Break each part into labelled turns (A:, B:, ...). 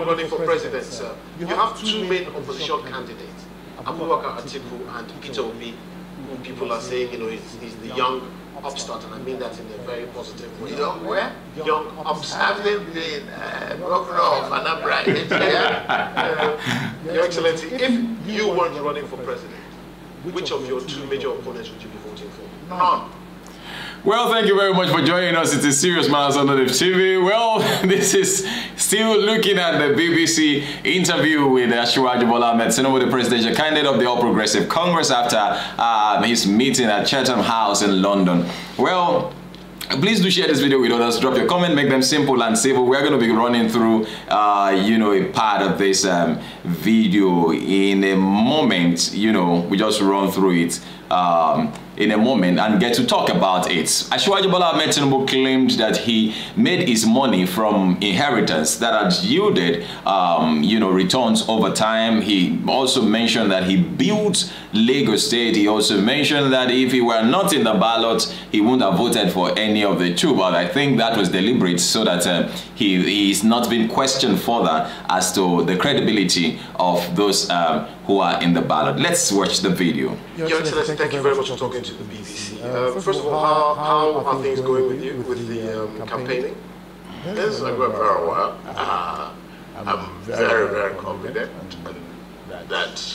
A: someone running for president, sir, you have two main opposition
B: candidates, Abubakar Atiku and Peter Obi, who people are saying, you know, he's, he's the young upstart, and I mean that in a very positive way. Young where? Young upstart. Having been uh, governor of Anambra in Nigeria, Your Excellency, if you weren't running for president, which of your two major opponents would you be voting
A: for? None. Well, thank you very much for joining us. It is a Serious matter on the TV. Well, this is still looking at the BBC interview with Ashura Bola Ahmed the presidential candidate of the All Progressive Congress after uh, his meeting at Chatham House in London. Well, please do share this video with others drop your comment make them simple and simple we're going to be running through uh, you know a part of this um, video in a moment you know we just run through it um, in a moment and get to talk about it. Ashwaji Bola claimed that he made his money from inheritance that had yielded, um, you know, returns over time. He also mentioned that he built Lagos State. He also mentioned that if he were not in the ballot, he wouldn't have voted for any of the two. But I think that was deliberate so that uh, he, he's not been questioned further as to the credibility of those um, who are in the ballot. Let's watch the video.
B: Your Excellency, thank you very much
A: for talking to to the
B: BBC. Uh, first of all, how, how are things going with you with the um, campaigning? Yes, I'm very well. Uh, I'm very, very confident that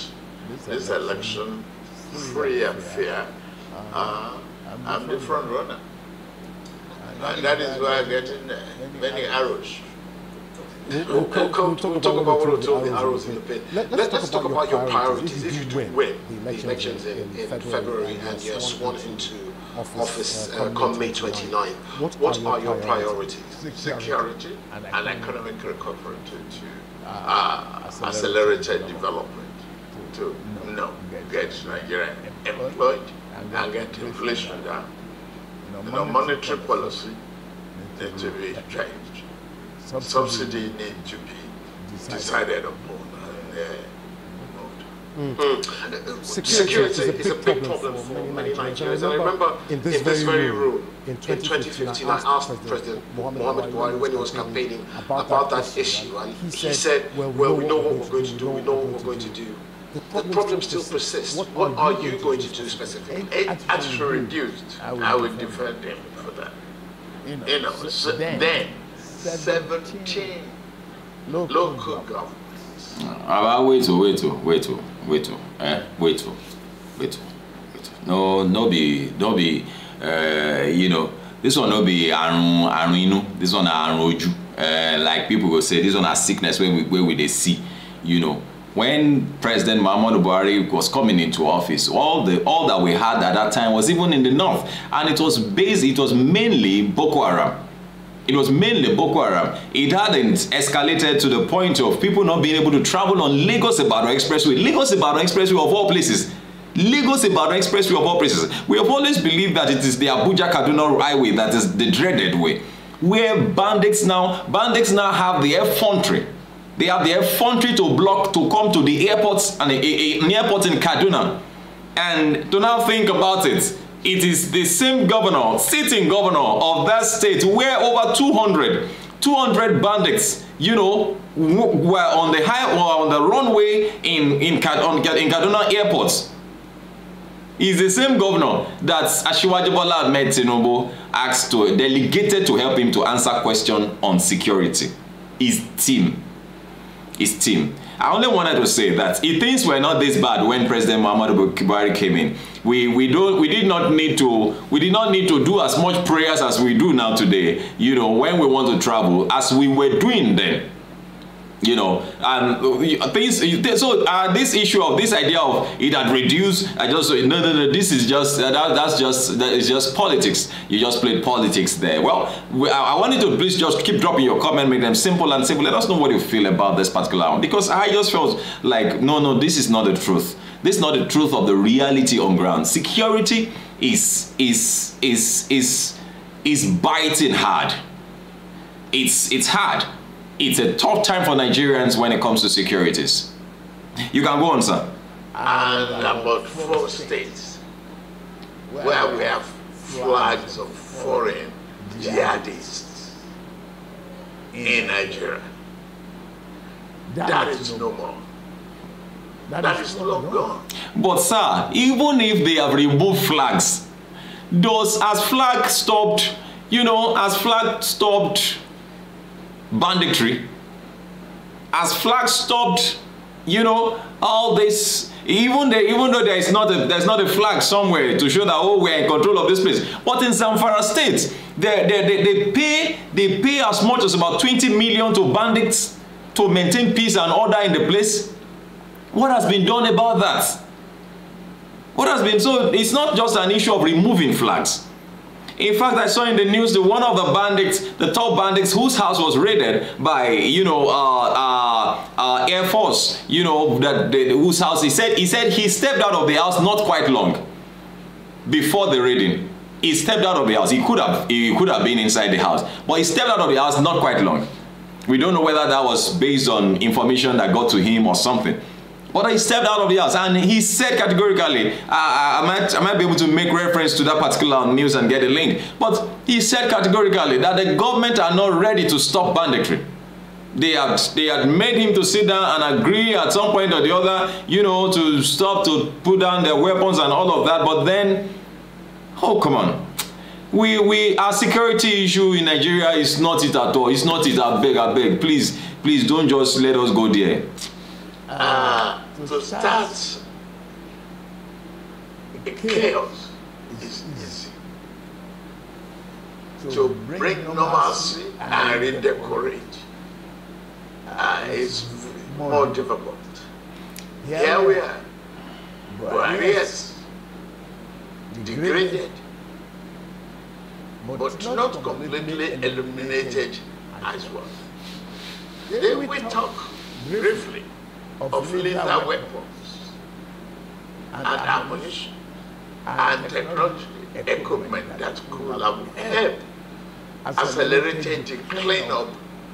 B: this election, free and fair, uh, I'm the front runner. And that is why I'm getting many arrows We'll, we'll, we'll, come, we'll talk, about all or two of the arrows in the pit. Let, us talk about your priorities. If you do win the elections in, in February and you're sworn into office uh, uh, come May 29, what are your priorities? Security and economic recovery to, to uh, uh, accelerated development. To no, get Nigeria employed and get inflation down. No monetary policy needs to be changed subsidy, subsidy need to be decided, decided upon and uh, mm. Mm. Security, Security, is a big, is a big problem, problem, for many Nigerians. I remember in this, in this very room, in 2015, I asked President Mohammed Buhari when he was campaigning about, about that, that issue, and he said, he said well, well, we know what we're going to do, we know what we're going to do. The problem, the problem, still persists. What, what are, you, are you going to do specifically? Actually reduced. I would, I defend him for that. You know, you know so then, then seventeen local governments.
A: Baba wait o wait o wait wait eh wait o wait wait no no be no be uh, you know this one no be arun arun inu this one na arun oju uh, eh, like people go say this one a sickness wey we wey we they see you know when President Muhammadu Buhari was coming into office, all the all that we had at that time was even in the north, and it was based, it was mainly Boko Haram. It was mainly Boko Haram. It hadn't escalated to the point of people not being able to travel on Lagos-Ibadan Expressway. Lagos-Ibadan Expressway of all places. Lagos-Ibadan Expressway of all places. We have always believed that it is the Abuja-Kaduna Highway that is the dreaded way. Where bandits now, bandits now have the effrontery. They have the effrontery to block, to come to the airports, and a, a, a, an airport in Kaduna. And to now think about it, It is the same governor, sitting governor of that state where over 200, 200 bandits, you know, were on the high or on the runway in, in, on, in Kaduna airports. Is the same governor that Ashiwaji Bola Ahmed Tinubu asked to, delegated to help him to answer question on security. His team his team. I only wanted to say that if things were not this bad when President Muhammadu Buhari came in, we we don't we did not need to we did not need to do as much prayers as we do now today. You know when we want to travel as we were doing then you know and um, uh, things so uh, this issue of this idea of it had reduced i just uh, no no no this is just uh, that, that's just that is just politics you just played politics there well we, I, I wanted to please just keep dropping your comment make them simple and simple let us know what you feel about this particular one because i just felt like no no this is not the truth this is not the truth of the reality on ground security is is is is is biting hard it's it's hard it's a tough time for Nigerians when it comes to securities. You can go on, sir. And about
B: four states where we have flags of foreign jihadists in Nigeria. That is no more. that is no gone.
A: But sir, even if they have removed flags, those as flag stopped, you know, as flag stopped banditry, as flags stopped, you know, all this, even, the, even though there is not a, there's not a flag somewhere to show that, oh, we're in control of this place. But in Zamfara State, they, they, they, they, pay, they pay as much as about twenty million to bandits to maintain peace and order in the place. What has been done about that? What has been so? It's not just an issue of removing flags. In fact, I saw in the news that one of the bandits, the top bandits whose house was raided by, you know, uh, uh, uh Air Force, you know, that, whose house he said, he said he stepped out of the house not quite long before the raiding. He stepped out of the house. He could have, he could have been inside the house, but he stepped out of the house not quite long. We don't know whether that was based on information that got to him or something. But he stepped out of the house and he said categorically, I, I, I, might, I might be able to make reference to that particular news and get a link. But he said categorically that the government are not ready to stop banditry. They had, they had made him to sit down and agree at some point or the other, you know, to stop, to put down their weapons and all of that. But then, oh, come on we we our security issue in nigeria is not it at all it's not it I beg, please please don't just let us go there. Uh to, to start, start
B: a chaos is easy. To, to bring, bring normalcy and redecorate uh, is more, more difficult. Here, Here we are, warriors, degraded, degraded, but, but not, not completely eliminated, eliminated as well. Then we, we talk briefly of, of laser, weapons, weapons and, and ammunition and technology equipment that could have helped the cleanup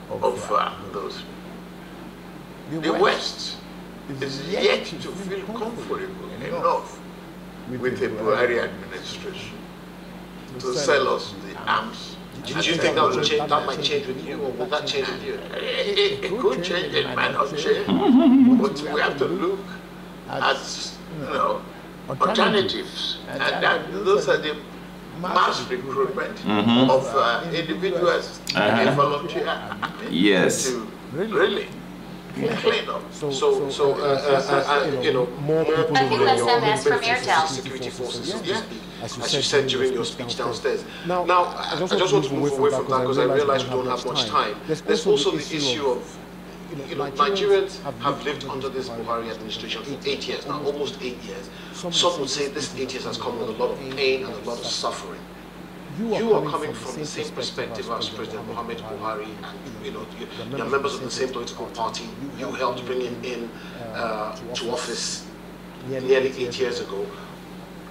B: of, of uh, those. The, the West, is yet to feel comfortable enough with the Buhari administration to sell us the arms do, you think that would change? That might change with you, or will that change with you? It, it could change. It might not change. But we have to look at you know alternatives, and that, those are the mass recruitment mm -hmm. of uh, individuals uh -huh. volunteer. Yes. really. Yeah. Clean up. So, so, so uh, uh, uh, uh you know, more people. I think from Airtel. Security forces. Yeah as you, as said, said, during your speech downstairs. downstairs. Now, now I, I, just I, just want to move away from, that because I realize we don't have much time. time. There's, also, the issue of, you know, Nigerians have, have lived under this Buhari administration for eight years now, almost eight years. Some would say this eight years has come with a lot of pain and a lot of suffering. You are, you are coming from the same perspective as President Mohammed Buhari, and you know you, you're members of the same political party. You helped bring him in uh, to office nearly eight years ago.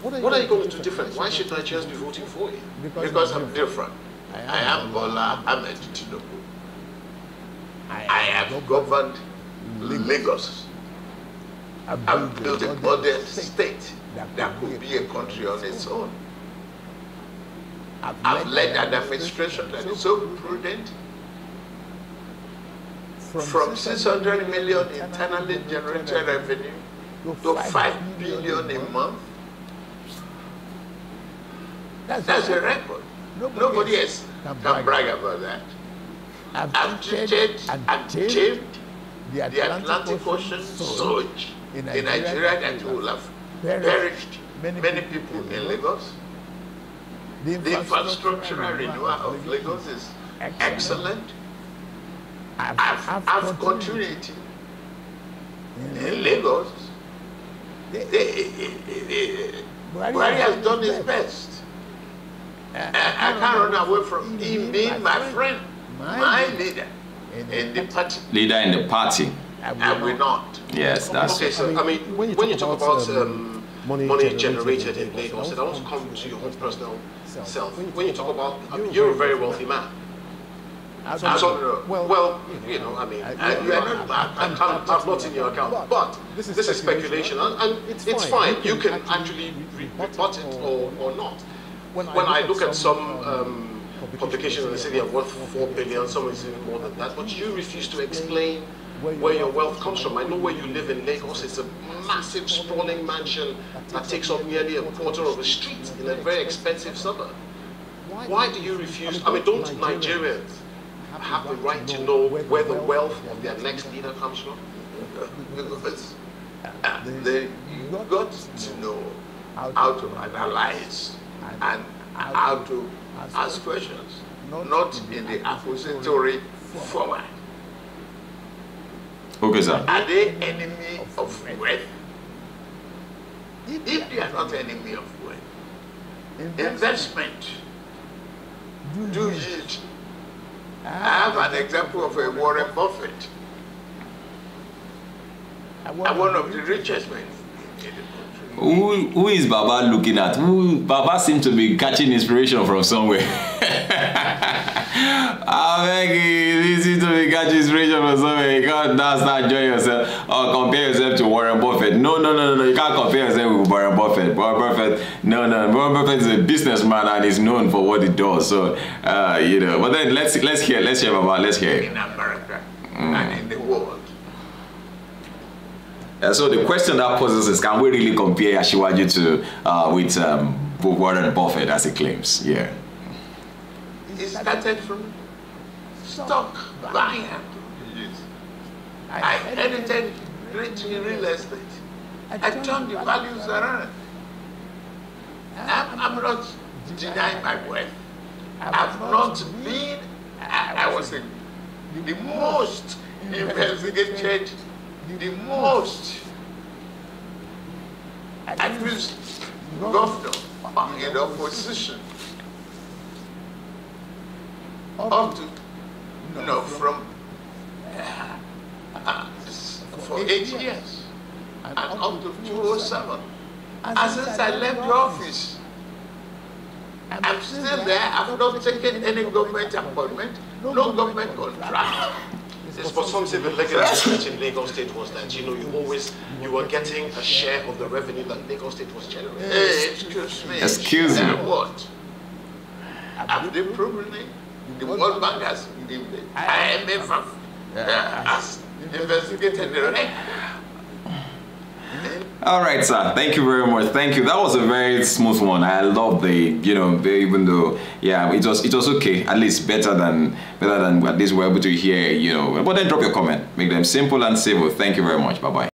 B: What are, what are you, going, to do different? Why should just be voting for you? Because, because I'm different. different. I am, I am Bola Ahmed I, have governed Lagos. Lagos. I've built a modern state, that, could be a country on its own. I've, led an administration that is so prudent. from 600 million internally generated revenue to 5 billion a month that's, That's a record. Nobody, Nobody else can brag, brag about that. I've, i and the Atlantic, Ocean surge in Nigeria, that will have
A: perished
B: many, many people in, Lagos. The infrastructural renewal of Lagos is excellent. I've, I've, I've continuity in, in Lagos. They, they, eh, eh,
A: eh, Buhari has
B: done his best. I can't run away from him being my friend, my leader,
A: in the party. Leader in the party.
B: And we not. Yes, that's okay. So I mean, when you talk, when you talk about, about um, um, money, money generated, in Lagos, it also comes to your own personal self. When you talk about, I mean, you're a very wealthy man.
A: So,
B: well, well, you know, I mean, I, I, am not in your account, but this is speculation, and, and it's, fine. You can actually rebut it or, or not when I look at some um, um publications in the city are worth 4 billion, some is even more than that, but you refuse to explain where your wealth comes from. I know where you live in Lagos. It's a massive, sprawling mansion that takes up nearly a quarter of a street in a very expensive suburb. Why do you refuse? I mean, don't Nigerians have the right to know where the wealth of their next leader comes from? Because they, got to know how to analyze and how to ask questions, not in the accusatory format. Okay, sir. Are they enemy of wealth? If they are not enemy of wealth, investment do it. Ah. I have an example of a Warren Buffett, one of the richest men
A: who, who is Baba looking at? Who, Baba seems to be catching inspiration from somewhere. I beg you, seems to be catching inspiration from somewhere. You can't that's not join yourself or compare yourself to Warren Buffett. No, no, no, no, no. You can't compare yourself with Warren Buffett. Warren Buffett, no, no. Warren Buffett is a businessman and is known for what he does. So, uh, you know. But then let's let's hear let's hear Baba. Let's hear. In
B: America mm. and in the
A: uh, so the question that poses is, can we really compare Ashiwaju to uh, with um, Warren Buffett as he claims? Yeah.
B: It started from stock buying. Yes. I inherited rich real estate. I turned the values around. I'm, I'm not denying my wealth. I've not been. I, I was the, the most investigated the mm. most abused governor in the opposition up to no, know, from uh, uh for eight years and up to 2007 and since I left the office I'm still there I've not taken any government appointment no government contract this, but something the legacy in Lagos State was that you know you always you were getting a share of the revenue that Lagos State was generating. Hey, excuse
A: me. Excuse me.
B: What? Have they proven it? The World Bank has, the IMF has investigated the wreck.
A: All right, sir. Thank you very much. Thank you. That was a very smooth one. I love the, you know, the, even though, yeah, it was it was okay. At least better than better than at least we're able to hear, you know. But then drop your comment. Make them simple and civil. Thank you very much. Bye bye.